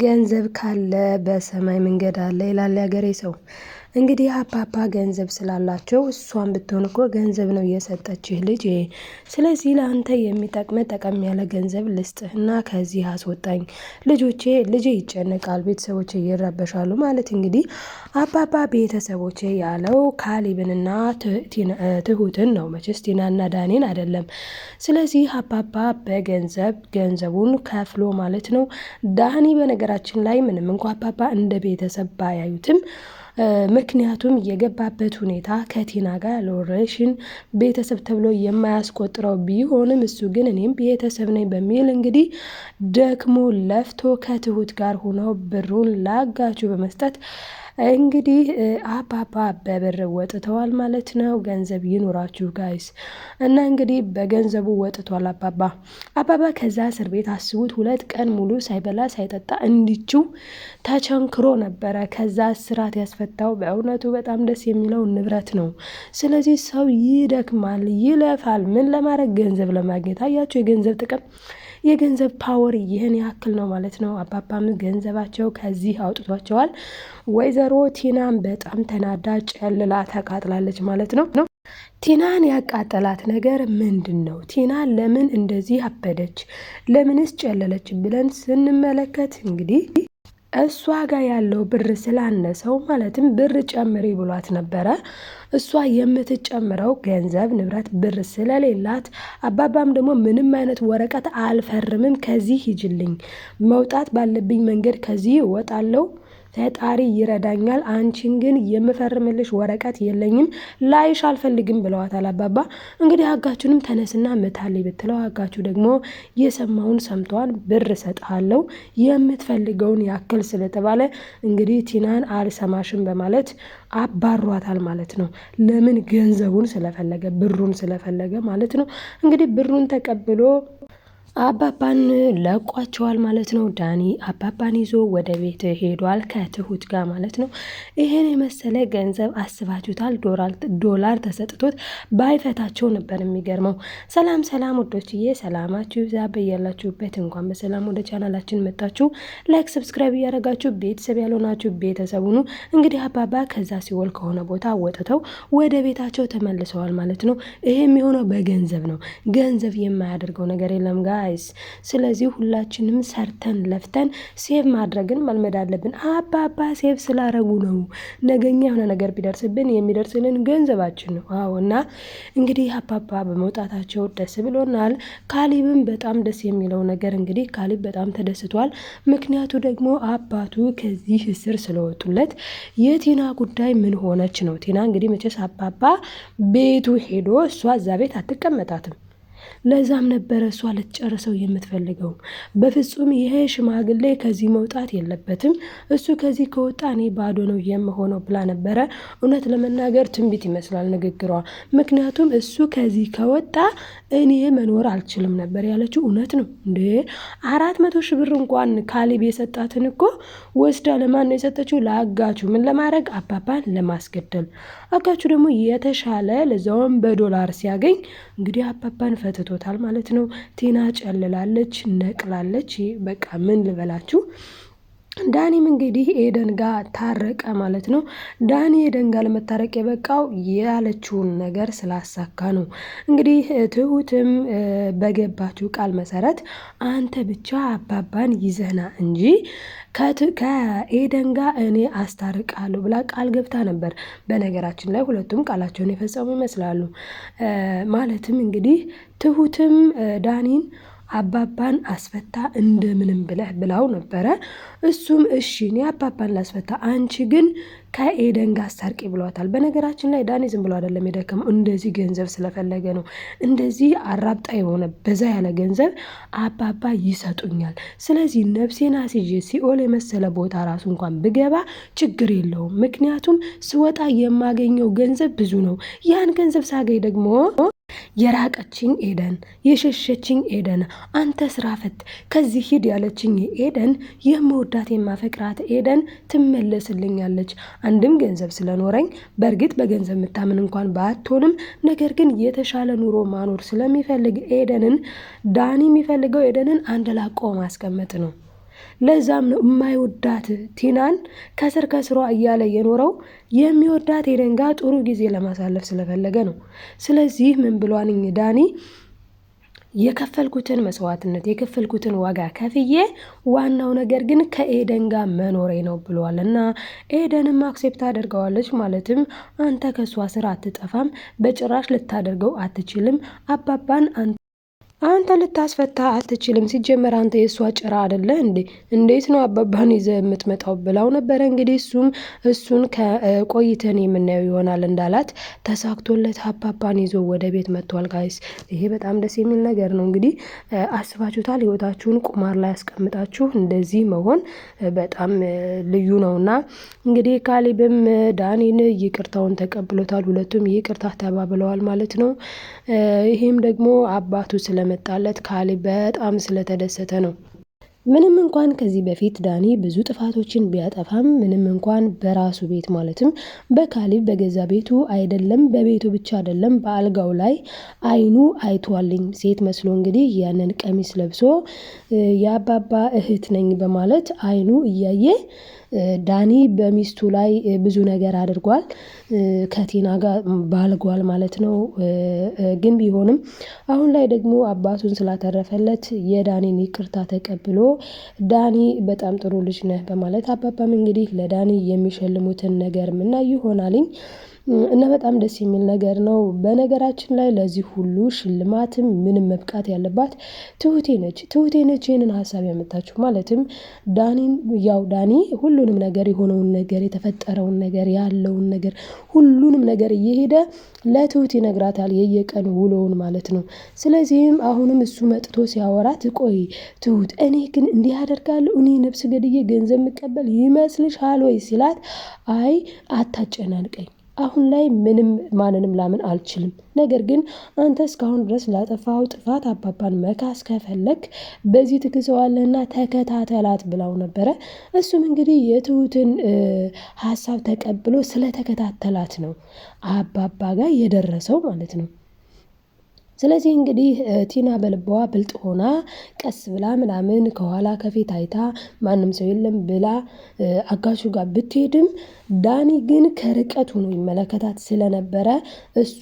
ገንዘብ ካለ በሰማይ መንገድ አለ ይላል ያገሬ ሰው። እንግዲህ አባባ ገንዘብ ስላላቸው እሷን ብትሆን እኮ ገንዘብ ነው የሰጠችህ ልጅ። ስለዚህ ለአንተ የሚጠቅመ ጠቀም ያለ ገንዘብ ልስጥህና ከዚህ አስወጣኝ። ልጆቼ ልጄ ይጨነቃል፣ ቤተሰቦቼ ይረበሻሉ ማለት እንግዲህ አባባ ቤተሰቦቼ ያለው ካሊብንና ትሁትን ነው መቼስ ቲናና ዳኔን አይደለም። ስለዚህ አባባ በገንዘብ ገንዘቡን ከፍሎ ማለት ነው። ዳኒ በነገራችን ላይ ምንም እንኳ አባባ እንደ ቤተሰብ ባያዩትም ምክንያቱም የገባበት ሁኔታ ከቲና ጋር ያለው ሬሽን ቤተሰብ ተብሎ የማያስቆጥረው ቢሆንም እሱ ግን እኔም ቤተሰብ ነኝ በሚል እንግዲህ ደክሞ ለፍቶ ከትሁት ጋር ሆኖ ብሩን ላጋቹ በመስጠት እንግዲህ አባባ በብር ወጥተዋል ማለት ነው። ገንዘብ ይኑራችሁ ጋይስ። እና እንግዲህ በገንዘቡ ወጥቷል አባባ። አባባ ከዛ እስር ቤት አስቡት፣ ሁለት ቀን ሙሉ ሳይበላ ሳይጠጣ እንዲችው ተቸንክሮ ነበረ። ከዛ ስራት ያስፈታው በእውነቱ በጣም ደስ የሚለው ንብረት ነው። ስለዚህ ሰው ይደክማል፣ ይለፋል። ምን ለማድረግ ገንዘብ ለማግኘት። አያቸው የገንዘብ ጥቅም የገንዘብ ፓወር ይህን ያክል ነው ማለት ነው። አባባም ገንዘባቸው ከዚህ አውጥቷቸዋል። ወይዘሮ ቲናም በጣም ተናዳ ጨልላ ተቃጥላለች ማለት ነው። ቲናን ያቃጠላት ነገር ምንድን ነው? ቲና ለምን እንደዚህ አበደች? ለምንስ ጨለለች? ብለን ስንመለከት እንግዲህ እሷ ጋር ያለው ብር ስላነሰው ማለትም ብር ጨምሪ ብሏት ነበረ። እሷ የምትጨምረው ገንዘብ ንብረት ብር ስለሌላት አባባም ደግሞ ምንም አይነት ወረቀት አልፈርምም፣ ከዚህ ሂጅልኝ፣ መውጣት ባለብኝ መንገድ ከዚህ እወጣለሁ ፈጣሪ ይረዳኛል፣ አንቺን ግን የምፈርምልሽ ወረቀት የለኝም፣ ላይሽ አልፈልግም ብለዋታል አባባ። እንግዲህ ሀጋችሁንም ተነስና ምታሌ ብትለው ሀጋችሁ ደግሞ የሰማውን ሰምተዋል፣ ብር እሰጥሃለሁ የምትፈልገውን ያክል ስለተባለ እንግዲህ ቲናን አልሰማሽም በማለት አባሯታል ማለት ነው። ለምን ገንዘቡን ስለፈለገ ብሩን ስለፈለገ ማለት ነው። እንግዲህ ብሩን ተቀብሎ አባባን ለቋቸዋል ማለት ነው። ዳኒ አባባን ይዞ ወደ ቤት ሄዷል ከትሁት ጋር ማለት ነው። ይህን የመሰለ ገንዘብ አስባችሁታል? ዶላር ተሰጥቶት ባይፈታቸው ነበር የሚገርመው። ሰላም ሰላም ውዶችዬ፣ ሰላማችሁ ይብዛ በያላችሁበት። እንኳን በሰላም ወደ ቻናላችን መጣችሁ። ላይክ፣ ሰብስክራይብ እያደረጋችሁ ቤተሰብ ያልሆናችሁ ቤተሰብ እንግዲህ አባባ ከዛ ሲወል ከሆነ ቦታ ወጥተው ወደ ቤታቸው ተመልሰዋል ማለት ነው። ይሄ የሚሆነው በገንዘብ ነው። ገንዘብ የማያደርገው ነገር የለም ጋር ራይስ። ስለዚህ ሁላችንም ሰርተን ለፍተን ሴቭ ማድረግን መልመድ አለብን። አባባ ሴቭ ስላረጉ ነው ነገኛ የሆነ ነገር ቢደርስብን የሚደርስልን ገንዘባችን ነው። አዎ እና እንግዲህ አባባ በመውጣታቸው ደስ ብሎናል። ካሊብም በጣም ደስ የሚለው ነገር እንግዲህ ካሊብ በጣም ተደስቷል። ምክንያቱ ደግሞ አባቱ ከዚህ እስር ስለወጡለት የቲና ጉዳይ ምን ሆነች ነው። ቲና እንግዲህ መቼስ አባባ ቤቱ ሄዶ እሷ እዛ ቤት አትቀመጣትም። ለዛም ነበረ እሷ ልትጨርሰው የምትፈልገው። በፍጹም ይሄ ሽማግሌ ከዚህ መውጣት የለበትም፣ እሱ ከዚህ ከወጣ እኔ ባዶ ነው የምሆነው ብላ ነበረ። እውነት ለመናገር ትንቢት ይመስላል ንግግሯ። ምክንያቱም እሱ ከዚህ ከወጣ እኔ መኖር አልችልም ነበር ያለችው። እውነት ነው እንዴ! አራት መቶ ሺህ ብር እንኳን ካሌብ የሰጣትን እኮ ወስዳ ለማን ነው የሰጠችው? ለአጋቹ ምን ለማድረግ አባባን ለማስገደል አጋቹ ደግሞ የተሻለ ለዛውም በዶላር ሲያገኝ እንግዲህ አባባን ፈትቶታል ማለት ነው። ቴና ጨልላለች፣ ነቅላለች። በቃ ምን ልበላችሁ። ዳኒም እንግዲህ ኤደን ጋ ታረቀ ማለት ነው። ዳኒ ኤደን ጋ ለመታረቅ የበቃው ያለችውን ነገር ስላሳካ ነው። እንግዲህ ትሁትም በገባችው ቃል መሰረት አንተ ብቻ አባባን ይዘህና እንጂ ከኤደን ጋር እኔ አስታርቃለሁ ብላ ቃል ገብታ ነበር። በነገራችን ላይ ሁለቱም ቃላቸውን የፈጸሙ ይመስላሉ። ማለትም እንግዲህ ትሁትም ዳኒን አባባን አስፈታ እንደምንም ብለህ ብላው ነበረ። እሱም እሺ እኔ አባባን ላስፈታ፣ አንቺ ግን ከኤደን ጋር አስታርቂ ብሏታል። በነገራችን ላይ ዳኒ ዝም ብሎ አይደለም የደከመው፣ እንደዚህ ገንዘብ ስለፈለገ ነው። እንደዚህ አራብጣ የሆነ በዛ ያለ ገንዘብ አባባ ይሰጡኛል፣ ስለዚህ ነፍሴን አስይዤ ሲኦል የመሰለ ቦታ ራሱ እንኳን ብገባ ችግር የለውም፣ ምክንያቱም ስወጣ የማገኘው ገንዘብ ብዙ ነው። ያን ገንዘብ ሳገኝ ደግሞ የራቀችኝ ኤደን፣ የሸሸችኝ ኤደን፣ አንተ ስራ ፈት ከዚህ ሂድ ያለችኝ ኤደን፣ የምወዳት የማፈቅራት ኤደን ትመለስልኛለች። አንድም ገንዘብ ስለኖረኝ በእርግጥ በገንዘብ የምታምን እንኳን ባትሆንም፣ ነገር ግን የተሻለ ኑሮ ማኖር ስለሚፈልግ ኤደንን ዳኒ የሚፈልገው ኤደንን አንድ ላቆ ማስቀመጥ ነው። ለዛም ነው የማይወዳት ቲናን ከስር ከስሯ እያለ የኖረው የሚወዳት ሄደን ጋር ጥሩ ጊዜ ለማሳለፍ ስለፈለገ ነው። ስለዚህ ምን ብሏንኝ ዳኒ የከፈልኩትን መስዋዕትነት የከፈልኩትን ዋጋ ከፍዬ ዋናው ነገር ግን ከኤደን ጋር መኖሬ ነው ብለዋል እና ኤደንም አክሴፕት አድርገዋለች። ማለትም አንተ ከእሷ ስራ አትጠፋም፣ በጭራሽ ልታደርገው አትችልም አባባን አንተ ልታስፈታ አትችልም። ሲጀመር አንተ የእሷ ጭራ አደለ እንዴ? እንዴት ነው አባባን ይዘ የምትመጣው ብላው ነበረ። እንግዲህ እሱም እሱን ከቆይተን የምናየው ይሆናል እንዳላት ተሳክቶለት አባባን ይዞ ወደ ቤት መጥቷል። ጋይስ ይሄ በጣም ደስ የሚል ነገር ነው። እንግዲህ አስባችሁታል። ህይወታችሁን ቁማር ላይ ያስቀምጣችሁ እንደዚህ መሆን በጣም ልዩ ነውና እንግዲህ ካሊብም ዳኒን ይቅርታውን ተቀብሎታል። ሁለቱም ይቅርታ ተባብለዋል ማለት ነው። ይሄም ደግሞ አባቱ ስለ ስለመጣለት ካሌብ በጣም ስለተደሰተ ነው። ምንም እንኳን ከዚህ በፊት ዳኒ ብዙ ጥፋቶችን ቢያጠፋም ምንም እንኳን በራሱ ቤት ማለትም በካሊብ በገዛ ቤቱ አይደለም በቤቱ ብቻ አይደለም በአልጋው ላይ አይኑ አይቷልኝ ሴት መስሎ እንግዲህ ያንን ቀሚስ ለብሶ የአባባ እህት ነኝ በማለት አይኑ እያየ ዳኒ በሚስቱ ላይ ብዙ ነገር አድርጓል። ከቲና ጋር ባልጓል ማለት ነው። ግን ቢሆንም አሁን ላይ ደግሞ አባቱን ስላተረፈለት የዳኒን ይቅርታ ተቀብሎ ዳኒ በጣም ጥሩ ልጅ ነህ በማለት አባባም እንግዲህ ለዳኒ የሚሸልሙትን ነገር ምና ይሆናልኝ እና በጣም ደስ የሚል ነገር ነው። በነገራችን ላይ ለዚህ ሁሉ ሽልማትም ምንም መብቃት ያለባት ትሁቴ ነች። ትሁቴ ነች ይህንን ሀሳብ ያመጣችው ማለትም ዳኒን ያው ዳኒ ሁሉንም ነገር የሆነውን ነገር የተፈጠረውን ነገር ያለውን ነገር ሁሉንም ነገር እየሄደ ለትሁት ይነግራታል የየቀን ውሎውን ማለት ነው። ስለዚህም አሁንም እሱ መጥቶ ሲያወራት ቆይ ትሁት እኔ ግን እንዲህ አደርጋለሁ እኔ ነብስ ገድዬ ገንዘብ የምቀበል ይመስልሻል ወይ ሲላት አይ አታጨናንቀኝ አሁን ላይ ምንም ማንንም ላምን አልችልም። ነገር ግን አንተ እስካሁን ድረስ ላጠፋው ጥፋት አባባን መካስ ከፈለግ በዚህ ትክሰዋለና ተከታተላት ብላው ነበረ። እሱም እንግዲህ የትሁትን ሀሳብ ተቀብሎ ስለተከታተላት ነው አባባ ጋር የደረሰው ማለት ነው። ስለዚህ እንግዲህ ቲና በልቧ ብልጥ ሆና ቀስ ብላ ምናምን ከኋላ ከፊት አይታ ማንም ሰው የለም ብላ አጋቹ ጋር ብትሄድም ዳኒ ግን ከርቀት ሆኖ ይመለከታት ስለነበረ እሷ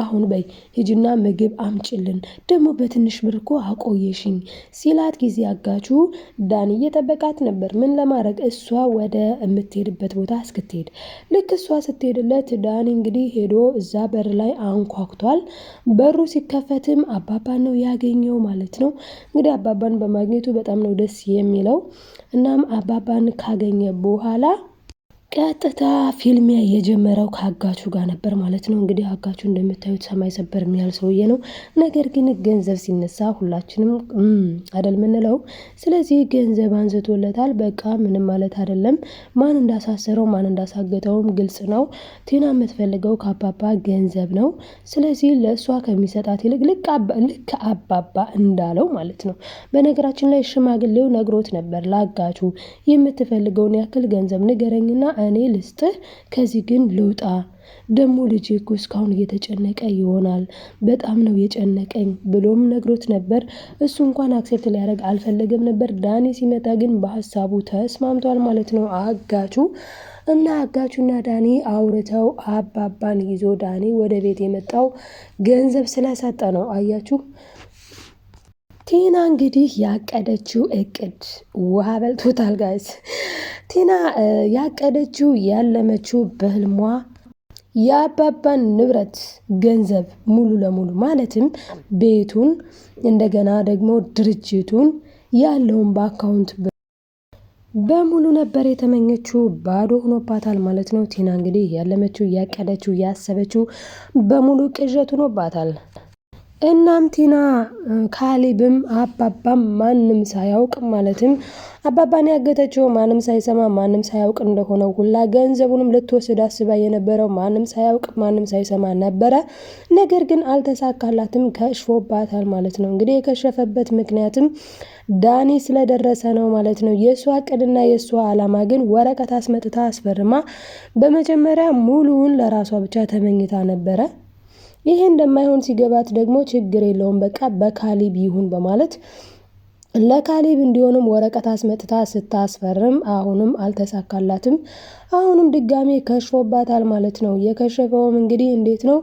አሁን በይ ሂጂና ምግብ አምጭልን ደግሞ በትንሽ ብር እኮ አቆየሽኝ ሲላት ጊዜ አጋቹ ዳኒ እየጠበቃት ነበር። ምን ለማድረግ እሷ ወደ የምትሄድበት ቦታ እስክትሄድ ልክ እሷ ስትሄድለት ዳኒ እንግዲህ ሄዶ እዛ በር ላይ አንኳኩቷል። በሩ ሲከ ሲከፈትም አባባን ነው ያገኘው ማለት ነው። እንግዲህ አባባን በማግኘቱ በጣም ነው ደስ የሚለው። እናም አባባን ካገኘ በኋላ ቀጥታ ፊልሚያ የጀመረው ከአጋቹ ጋር ነበር ማለት ነው። እንግዲህ አጋቹ እንደምታዩት ሰማይ ሰበር የሚያል ሰውዬ ነው። ነገር ግን ገንዘብ ሲነሳ ሁላችንም አደል ምንለው። ስለዚህ ገንዘብ አንስቶለታል። በቃ ምንም ማለት አይደለም። ማን እንዳሳሰረው ማን እንዳሳገተውም ግልጽ ነው። ቴና የምትፈልገው ከአባባ ገንዘብ ነው። ስለዚህ ለእሷ ከሚሰጣት ይልቅ ልክ አባባ እንዳለው ማለት ነው። በነገራችን ላይ ሽማግሌው ነግሮት ነበር ለአጋቹ የምትፈልገውን ያክል ገንዘብ ንገረኝና እኔ ልስጥህ፣ ከዚህ ግን ልውጣ። ደግሞ ልጅ እኮ እስካሁን እየተጨነቀ ይሆናል፣ በጣም ነው የጨነቀኝ ብሎም ነግሮት ነበር። እሱ እንኳን አክሴፕት ሊያደርግ አልፈለገም ነበር። ዳኒ ሲመጣ ግን በሀሳቡ ተስማምቷል ማለት ነው አጋቹ እና አጋቹና ዳኒ አውርተው አባባን ይዞ ዳኒ ወደ ቤት የመጣው ገንዘብ ስላሳጣ ነው። አያችሁ ቲና እንግዲህ ያቀደችው እቅድ ውሃ በልቶታል ጋይስ። ቲና ያቀደችው ያለመችው በህልሟ የአባባን ንብረት ገንዘብ ሙሉ ለሙሉ ማለትም ቤቱን እንደገና ደግሞ ድርጅቱን ያለውን በአካውንት በሙሉ ነበር የተመኘችው። ባዶ ሆኖባታል ማለት ነው። ቲና እንግዲህ ያለመችው ያቀደችው ያሰበችው በሙሉ ቅዠት ሆኖባታል። እናም ቲና ካሌብም አባባም ማንም ሳያውቅ ማለትም አባባን ያገተችው ማንም ሳይሰማ ማንም ሳያውቅ እንደሆነ ሁላ ገንዘቡንም ልትወስድ አስባ የነበረው ማንም ሳያውቅ ማንም ሳይሰማ ነበረ። ነገር ግን አልተሳካላትም፣ ከሽፎባታል ማለት ነው። እንግዲህ የከሸፈበት ምክንያትም ዳኒ ስለደረሰ ነው ማለት ነው። የእሷ እቅድና የእሷ አላማ ግን ወረቀት አስመጥታ አስፈርማ በመጀመሪያ ሙሉውን ለራሷ ብቻ ተመኝታ ነበረ። ይሄ እንደማይሆን ሲገባት ደግሞ ችግር የለውም በቃ በካሊብ ይሁን በማለት ለካሊብ እንዲሆንም ወረቀት አስመጥታ ስታስፈርም አሁንም አልተሳካላትም። አሁንም ድጋሜ ከሽፎባታል ማለት ነው። የከሸፈውም እንግዲህ እንዴት ነው?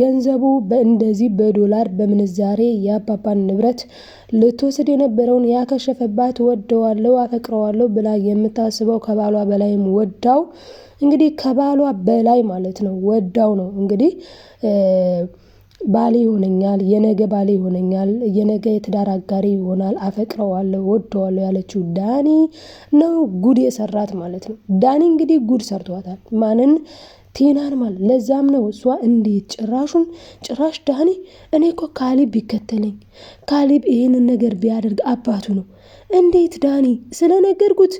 ገንዘቡ እንደዚህ በዶላር በምንዛሬ የአባባን ንብረት ልትወስድ የነበረውን ያከሸፈባት ወደዋለው፣ አፈቅረዋለሁ ብላ የምታስበው ከባሏ በላይም ወዳው እንግዲህ ከባሏ በላይ ማለት ነው ወዳው ነው እንግዲህ ባሌ ይሆነኛል የነገ ባሌ ይሆነኛል የነገ የትዳር ይሆናል አፈቅረዋለሁ እወደዋለሁ ያለችው ዳኒ ነው ጉድ የሰራት ማለት ነው። ዳኒ እንግዲህ ጉድ ሰርቷታል ማንን ቴናን ማለት ለዛም ነው እሷ እንዴት ጭራሹን ጭራሽ ዳኒ እኔ እኮ ካሊብ ቢከተለኝ ካሊብ ይህንን ነገር ቢያደርግ አባቱ ነው እንዴት ዳኒ ስለነገርኩት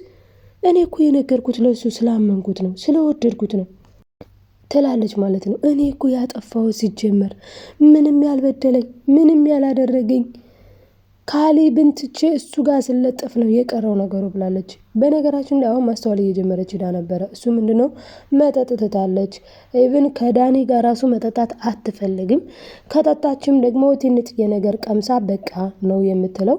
እኔ እኮ የነገርኩት ለእሱ ስላመንኩት ነው ስለወደድኩት ነው ትላለች ማለት ነው። እኔ እኮ ያጠፋው ሲጀመር ምንም ያልበደለኝ ምንም ያላደረገኝ ካሌ ብንትቼ እሱ ጋር ስለጠፍ ነው የቀረው ነገሩ ብላለች። በነገራችን ላይ አሁን ማስተዋል እየጀመረች ሄዳ ነበረ። እሱ ምንድነው መጠጥ ትታለች። ኢቭን ከዳኒ ጋር ራሱ መጠጣት አትፈልግም። ከጠጣችም ደግሞ ትንጥዬ ነገር ቀምሳ በቃ ነው የምትለው።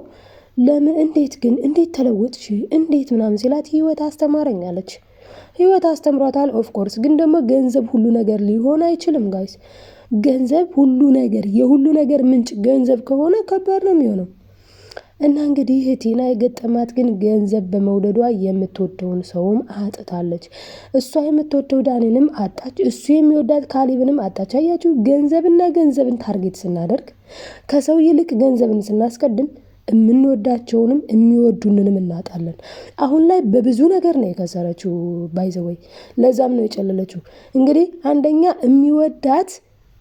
ለምን እንዴት ግን እንዴት ተለወጥሽ እንዴት ምናምን ሲላት ህይወት አስተማረኛለች። ህይወት አስተምሯታል። ኦፍኮርስ ግን ደግሞ ገንዘብ ሁሉ ነገር ሊሆን አይችልም ጋይስ። ገንዘብ ሁሉ ነገር የሁሉ ነገር ምንጭ ገንዘብ ከሆነ ከባድ ነው የሚሆነው። እና እንግዲህ ቲና የገጠማት ግን ገንዘብ በመውደዷ የምትወደውን ሰውም አጥታለች። እሷ የምትወደው ዳኔንም አጣች፣ እሱ የሚወዳት ካሊብንም አጣች። አያችሁ ገንዘብና ገንዘብን ታርጌት ስናደርግ ከሰው ይልቅ ገንዘብን ስናስቀድም የምንወዳቸውንም የሚወዱንንም እናጣለን። አሁን ላይ በብዙ ነገር ነው የከሰረችው ባይዘወይ፣ ለዛም ነው የጨለለችው። እንግዲህ አንደኛ የሚወዳት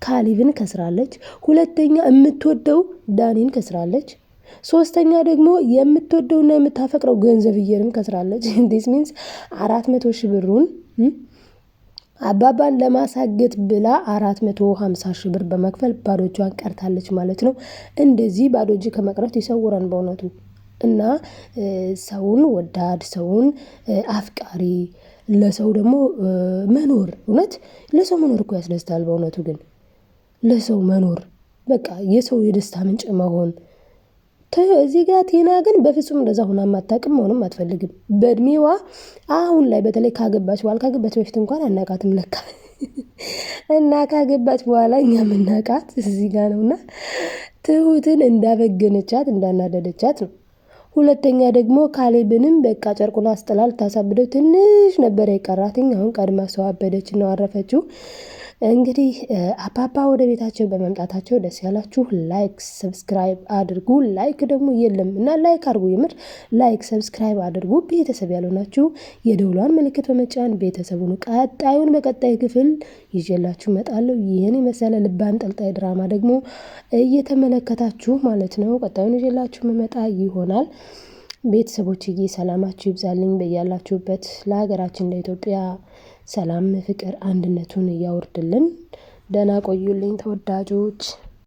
ካሊብን ከስራለች ሁለተኛ የምትወደው ዳኒን ከስራለች። ሶስተኛ ደግሞ የምትወደውና የምታፈቅረው ገንዘብዬንም ከስራለች ዲስ ሚንስ አራት መቶ ሺህ ብሩን አባባን ለማሳገት ብላ አራት መቶ ሺህ ብር በመክፈል ባዶ እጇን ቀርታለች ማለት ነው። እንደዚህ ባዶ እጅ ከመቅረት ይሰውረን በእውነቱ እና ሰውን ወዳድ፣ ሰውን አፍቃሪ፣ ለሰው ደግሞ መኖር እውነት ለሰው መኖር እኮ ያስደስታል። በእውነቱ ግን ለሰው መኖር በቃ የሰው የደስታ ምንጭ መሆን እዚህ ጋር ቴና ግን በፍጹም እንደዛ ሆና ማታቅም መሆንም አትፈልግም። በእድሜዋ አሁን ላይ በተለይ ካገባች በኋላ ካገባች በፊት እንኳን አናቃትም ለካ እና ካገባች በኋላ እኛ ምናቃት እዚህ ጋር ነውና ትሁትን እንዳበገነቻት እንዳናደደቻት ነው። ሁለተኛ ደግሞ ካሌብንም በቃ ጨርቁን አስጥላል ታሳብደው ትንሽ ነበር የቀራትኝ። አሁን ቀድማ ሰው አበደች ነው አረፈችው። እንግዲህ አባባ ወደ ቤታቸው በመምጣታቸው ደስ ያላችሁ ላይክ ሰብስክራይብ አድርጉ። ላይክ ደግሞ የለም እና ላይክ አድርጉ። የምር ላይክ ሰብስክራይብ አድርጉ። ቤተሰብ ያልሆናችሁ የደውሏን ምልክት በመጫን ቤተሰቡን ቀጣዩን በቀጣይ ክፍል ይዤላችሁ እመጣለሁ። ይህን የመሰለ ልብ አንጠልጣይ ድራማ ደግሞ እየተመለከታችሁ ማለት ነው ቀጣዩን ይዤላችሁ መመጣ ይሆናል። ቤተሰቦችዬ ሰላማችሁ ይብዛልኝ። በያላችሁበት ለሀገራችን ለኢትዮጵያ ሰላም፣ ፍቅር፣ አንድነቱን እያውርድልን። ደህና ቆዩልኝ ተወዳጆች።